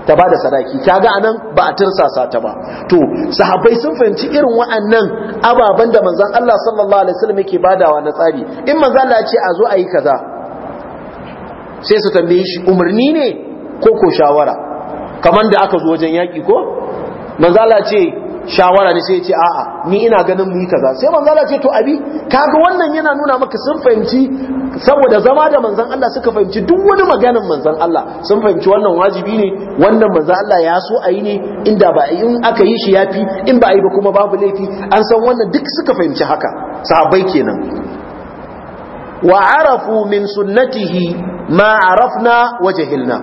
ta bada sadaki ta ga anan ba a tirsasa ta ba to sahabbai sun fahimci irin wa'annan ababan da manzon Allah sallallahu alaihi wasallam yake badawa na tsari in manzo Allah ya ce a zo a yi kaza sai su tambaye shi umarni ne ko ko shawara kamar da aka zo wajen yaki ko manzo Allah ce shawara ne sai ya ce a'a ni ina ganin mu yi kaza sai manzo Allah ce to abi kaga wannan yana nuna maka sun fahimci saboda zama da manzon Allah suka fahimci duk wani maganar manzon Allah sun fahimci wannan wajibi ne wannan manzon Allah ya so a yi ne inda ba in aka yi shi yafi in ba a yi ba kuma babu laifi an san wannan duk suka fahimci haka sahabbai kenan wa arafu min sunnatihi ma arafna wajhilna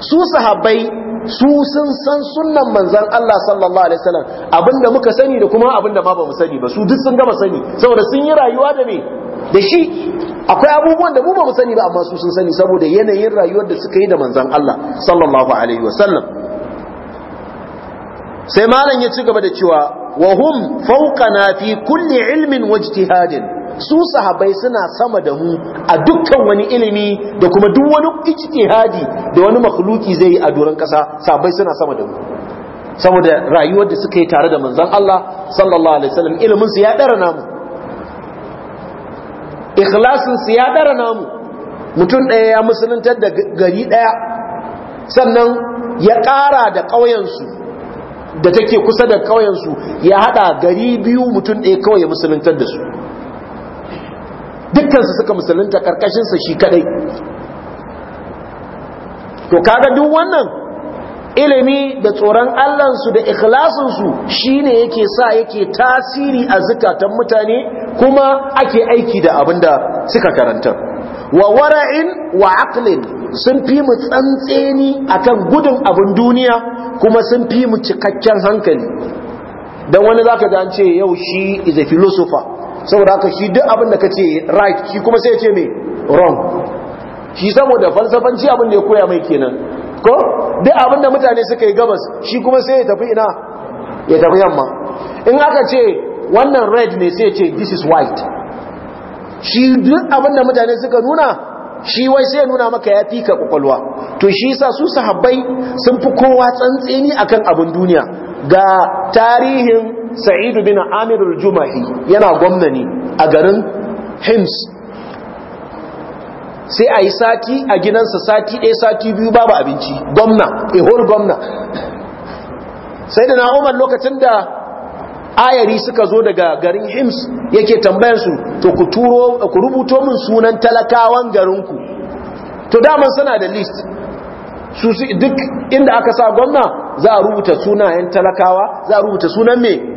su sahabbai su sun san sunan Manzan Allah sallallahu alaihi wasallam abinda muka sani da kuma abinda ma mu sani ba su duk sun gama sani saboda sun yi rayuwa da me da shi akwai abubuwan da mu mu sani ba amma su sun sani saboda yanayin rayuwar da suka yi da manzan Allah sallallahu alaihi wasallam sai malam ya ci gaba da cewa wa hum fawqana fi kulli ilmin wajtihadin su sahabai suna sama da mu a dukkan wani ilimi da kuma duk wani ijtihadi da wani makhluki zai yi a doron kasa sahabai suna sama da mu saboda rayuwar da suka yi tare da manzon Allah sallallahu alaihi wasallam ilimin su ya dara namu ikhlasin su ya dara namu mutum ɗaya ya musuluntar da gari ɗaya sannan ya ƙara da ƙauyensu da take kusa da ƙauyensu ya haɗa gari biyu mutum ɗaya kawai ya musuluntar da su dukkansu suka musulunta karkashinsa shi kadai to kaga duk wannan ilimi da tsoron allansu da ikhlasinsu shine yake sa yake tasiri a zukatan mutane kuma ake aiki da abin da suka karanta wa wara'in wa aqlin sun fi mu tsantseni akan gudun abin duniya kuma sun fi mu cikakken hankali dan wani zaka ga an ce yau shi is a philosopher saboda haka shi duk abin da ka ce right shi kuma sai ce me wrong shi saboda falsafanci abin da ya koya mai kenan ko duk abin da mutane suka yi gabas shi kuma sai ya tafi ina ya tafi yamma in aka ce wannan red ne sai ce this is white shi duk abin da mutane suka nuna shi wai sai nuna maka ya fi ka kwakwalwa to shi yasa su sahabbai sun fi kowa tsantseni akan abin duniya ga tarihin sa'idu bin amirul jumahi yana gwamnani a garin hims sai a yi sati a gidansa sati ɗaya sati biyu babu abinci gwamna ihor gwamna sai da na'umar lokacin da ayari suka zo daga garin hims yake su, to ku rubuto min sunan talakawan garinku to daman suna da list su duk inda aka sa gwamna za a rubuta sunayen talakawa za a rubuta sunan mai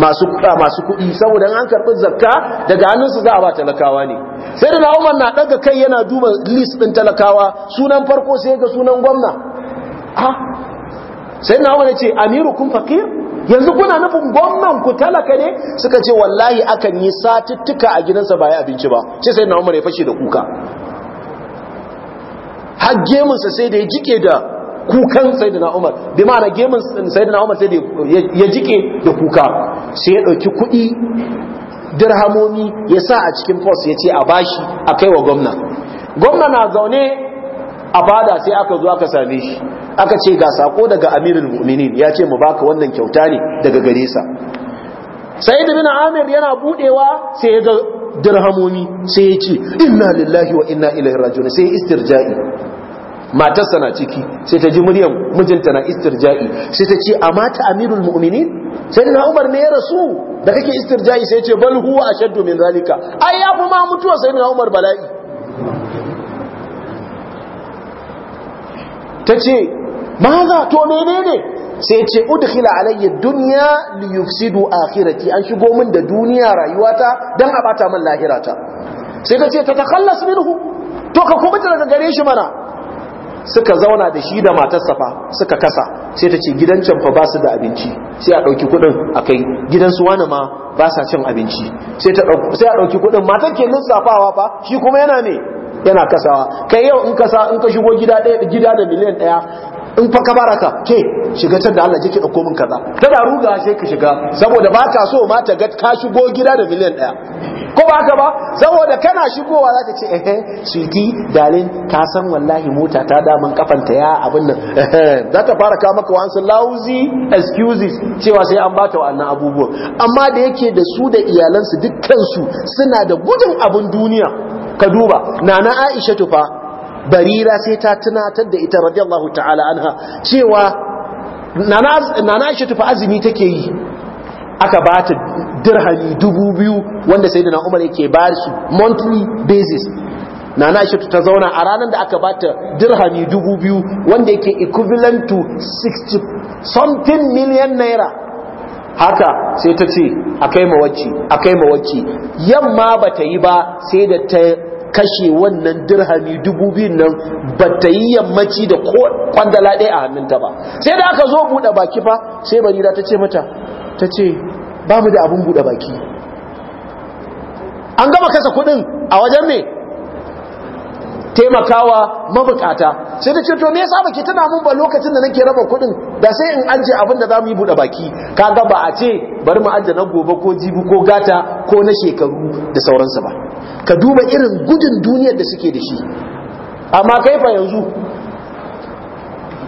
masu masu kuɗi saboda an karɓi zakka daga hannunsu za a ba talakawa ne sai da Umar na daga kai yana duba list din talakawa sunan farko sai ga sunan gwamna ha sai na Umar ya ce kun fakir yanzu kuna nufin gwamnan ku talaka ne suka ce wallahi akan yi satuttuka a gidansa ba ya abinci ba sai sai na umar ya fashe da kuka har gemunsa sai da ya jike da kukan sai da na'umar bi ma'ana gemun sai da na'umar sai da ya jike da kuka sai ya ɗauki kuɗi dirhamomi ya sa a cikin post ya ce a bashi a kai wa gwamna gwamna na zaune a fada sai aka zo aka same shi aka ce ga sako daga amirul mu'minin ya ce mu baka wannan kyauta ne daga gare sa da bin amir yana buɗewa sai ya ga dirhamomi sai ya ce inna lillahi wa inna ilaihi rajiun sai istirja'i matarsa na ciki sai ta ji muryan mijinta na istirja'i sai ta ce a mata amirul mu'minin sai na umar ne ya rasu da kake istirja'i sai ce bal huwa ashaddu min zalika ai ya fi ma mutuwa sai na umar bala'i ta ce maza to menene sai ce udkhila alayya dunya li yufsidu akhirati an shigo min da duniya rayuwata dan a bata min lahirata sai ka ce ta takhallas minhu to ka kuma daga gare shi mana suka zauna da shi da matarsa fa suka kasa sai ta ce gidan can fa ba su da abinci sai a ɗauki kuɗin a kai gidan su wani ma ba sa cin abinci sai a ɗauki kuɗin matar ke safawa fa shi kuma yana ne yana kasawa kai yau in kasa in ka shigo gida da miliyan ɗaya in fa ka baraka ke shiga can da Allah jiki da komin kaza ta da ruga sai ka shiga saboda ba ka so ma ta ga ka shigo gida da miliyan ɗaya ko ba haka ba saboda kana shigowa ka ce eh sweetie darling ka san wallahi mota ta daman kafanta ya abin nan za ta fara kawo maka wasu lousy excuses cewa sai an bata wannan abubuwan amma da yake da su da iyalansu dukkansu suna da gudun abun duniya ka duba nana Aisha tufa barira sai ta tunatar da ita radiyallahu ta'ala anha cewa nana Aisha tufa azumi take yi aka ba dirhami dubu biyu wanda sai na umar yake ba su monthly basis na na shi ta zauna a ranar da aka bata dirhami dubu biyu wanda yake equivalent to 60 something million naira haka sai ta ce a kai mawacci a kai mawacci yamma ba ta yi ba sai da ta kashe wannan dirhami dubu biyun nan ba ta yi yammaci da kwandala ɗaya a hannunta ba sai da aka zo buɗe baki ba. sai barira ta ce mata ta ce ba mu da abin buɗe baki an gama kasa kuɗin a wajen ne taimakawa mabukata sai da ce to me yasa baki tana mun ba lokacin da nake raba kuɗin da sai in an ce abin da zamu yi buɗe baki ka ba a ce bari mu ajiye na gobe ko jibi ko gata ko na shekaru da sauransa ba ka duba irin gudun duniyar da suke da shi amma kai fa yanzu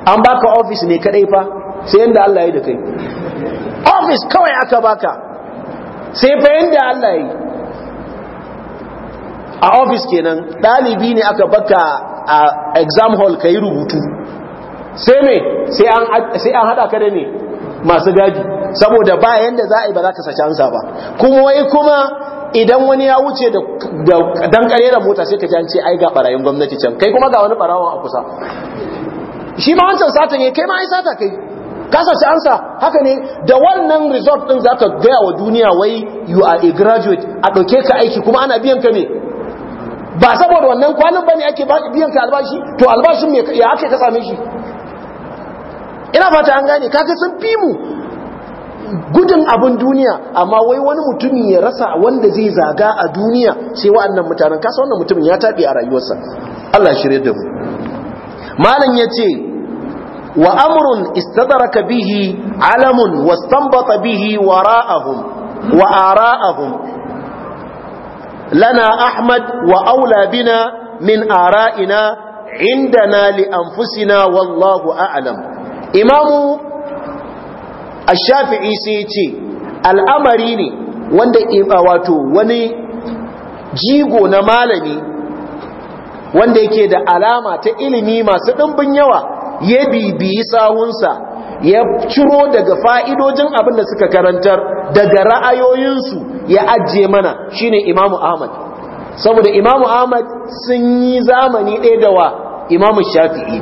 an baka ofis ne kadai fa sai yadda Allah ya da kai office kawai aka baka sai fa yadda Allah ya a ofis kenan dalibi ne aka baka a exam hall ka yi rubutu sai me sai an haɗa ka da ne masu gadi saboda ba yadda za a yi ba za ka saci ansa ba kuma wai kuma idan wani ya wuce da dan da mota sai ka ji an ce ai ga barayin gwamnati can kai kuma ga wani barawon a kusa shi ma wancan satan ya kai ma ai sata kai kasashe ansa haka ne da wannan resort din zaka gaya wa duniya wai you are a graduate a ɗauke ka aiki kuma ana biyan ka ne ba saboda wannan kwanan bane ake biyan ka albashi to albashin me ya ake ka same shi ina fata an gane kaga sun fi mu gudun abin duniya amma wai wani mutum ya rasa wanda zai zaga a duniya sai wa'annan mutanen kasa wannan mutumin ya taɓe a rayuwarsa Allah shirye da mu malam ya ce wa amrun istadraka bihi alamun wastanbata bihi wara'ahum wa lana ahmad wa aula bina min ara'ina indana li anfusina wallahu a'lam imamu ash-shafi'i ce al'amari ne wanda wato wani jigo na malami wanda yake da alama ta ilimi masu ɗimbin yawa ya bibiyi sawunsa ya ciro daga fa'idojin abin da suka karantar daga ra'ayoyinsu ya ajiye mana Shi ne imamu ahmad saboda imamu ahmad sun yi zamani ɗaya da wa imamu shafi'i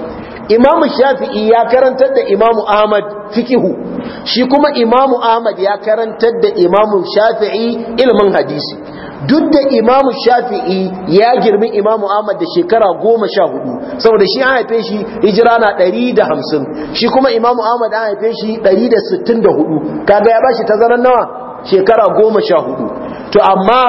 imamu shafi'i ya karantar da imamu ahmad fikihu shi kuma imamu ahmad ya karantar da imamu shafi'i ilimin hadisi duk da imamu shafi'i ya girmi imamu ahmad da shekara goma sha hudu saboda shi an haife shi hijira na ɗari da hamsin shi kuma imamu ahmad an haife shi ɗari da sittin da hudu kaga ya bashi tazarar nawa shekara goma sha hudu to amma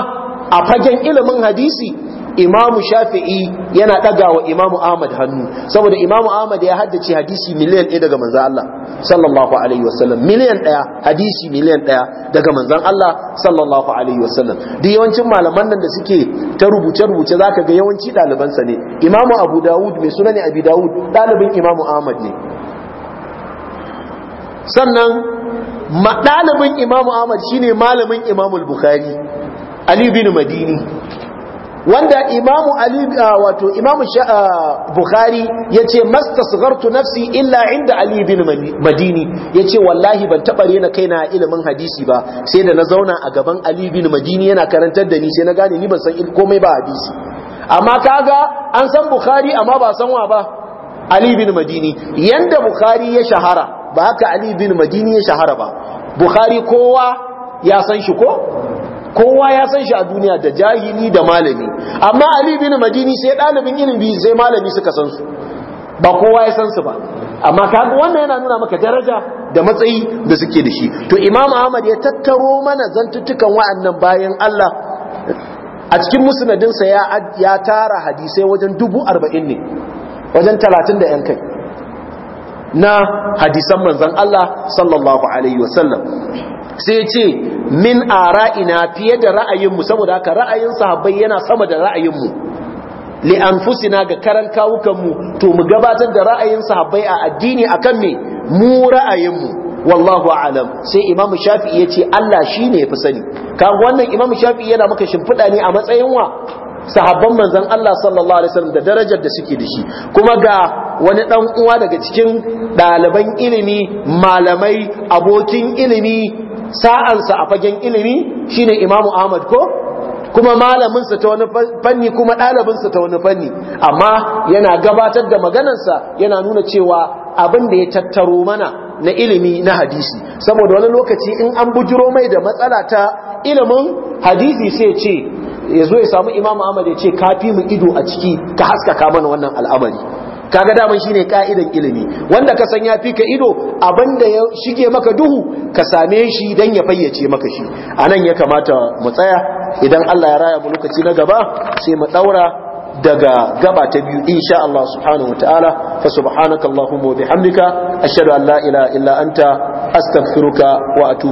a fagen ilimin hadisi imamu shafi'i yana ɗaga wa imamu ahmad hannu saboda imamu ahmad ya haddace hadisi miliyan ɗaya daga manzan Allah sallallahu alaihi wasallam miliyan ɗaya hadisi miliyan ɗaya daga manzan Allah sallallahu alaihi wasallam duk yawancin malaman nan da suke ta rubuce rubuce zaka ga yawanci ɗalibansa ne imamu abu dawud mai suna ne abi dawud ɗalibin imamu ahmad ne sannan ɗalibin imamu ahmad shine malamin imamu bukhari ali bin madini wanda imamu ali ah, wato imamu ah, bukhari yace mastasghartu nafsi illa inda ali bin madini yace wallahi ban taba rena kaina ilimin hadisi ba sai da na zauna a gaban ali bin madini yana karantar da ni sai na gane ni ban san komai ba hadisi amma kaga an san bukhari amma ba san wa ba ali bin madini yanda bukhari ya shahara ba haka ali bin madini ya shahara ba bukhari kowa ya san shi ko kowa ya san shi a duniya da jahili da malami amma ali bin madini sai dalibin ilimi sai malami suka san su ba kowa ya san su ba amma kaga wannan yana nuna maka daraja da matsayi da suke da shi to imam ahmad ya tattaro mana zantuttukan wa'annan bayan allah a cikin musnadinsa ya ya tara hadisai wajen dubu arba'in ne wajen talatin da yankai na hadisan manzon allah sallallahu alaihi wasallam sai ce min ina fiye da ra'ayinmu saboda haka ra'ayin sahabbai yana sama da ra'ayinmu li anfusina ga karan kawukanmu to mu gabatar da ra'ayin sahabbai a addini akan me mu ra'ayinmu wallahu a'lam sai imamu shafi'i ce Allah shi ne ya fi sani kan wannan imamu shafi'i yana maka shimfiɗa ne a matsayin wa sahabban manzon Allah sallallahu alaihi wasallam da darajar da suke da shi kuma ga wani dan uwa daga cikin ɗaliban ilimi malamai abokin ilimi sa'ansa a fagen ilimi shine imamu ahmad ko kuma malaminsa ta wani fanni kuma ɗalibinsa ta wani fanni amma yana gabatar da maganarsa yana nuna cewa abin da ya tattaro mana na ilimi na hadisi saboda wani lokaci in an bujiro mai da matsala ta ilimin hadisi sai ce ya zo ya samu imamu ahmad ya ce ka fi mu ido a ciki ka haskaka mana wannan al'amari kaga daman shine ka'idan ilimi wanda ka san ya fi ka ido abinda ya shige maka duhu ka same shi dan ya fayyace maka shi anan ya kamata mu tsaya idan Allah ya raya mu lokaci na gaba sai mu daura daga gaba ta biyu insha Allah subhanahu wataala fa subhanakallahumma wa bihamdika ashhadu an la ilaha illa anta astaghfiruka wa atubu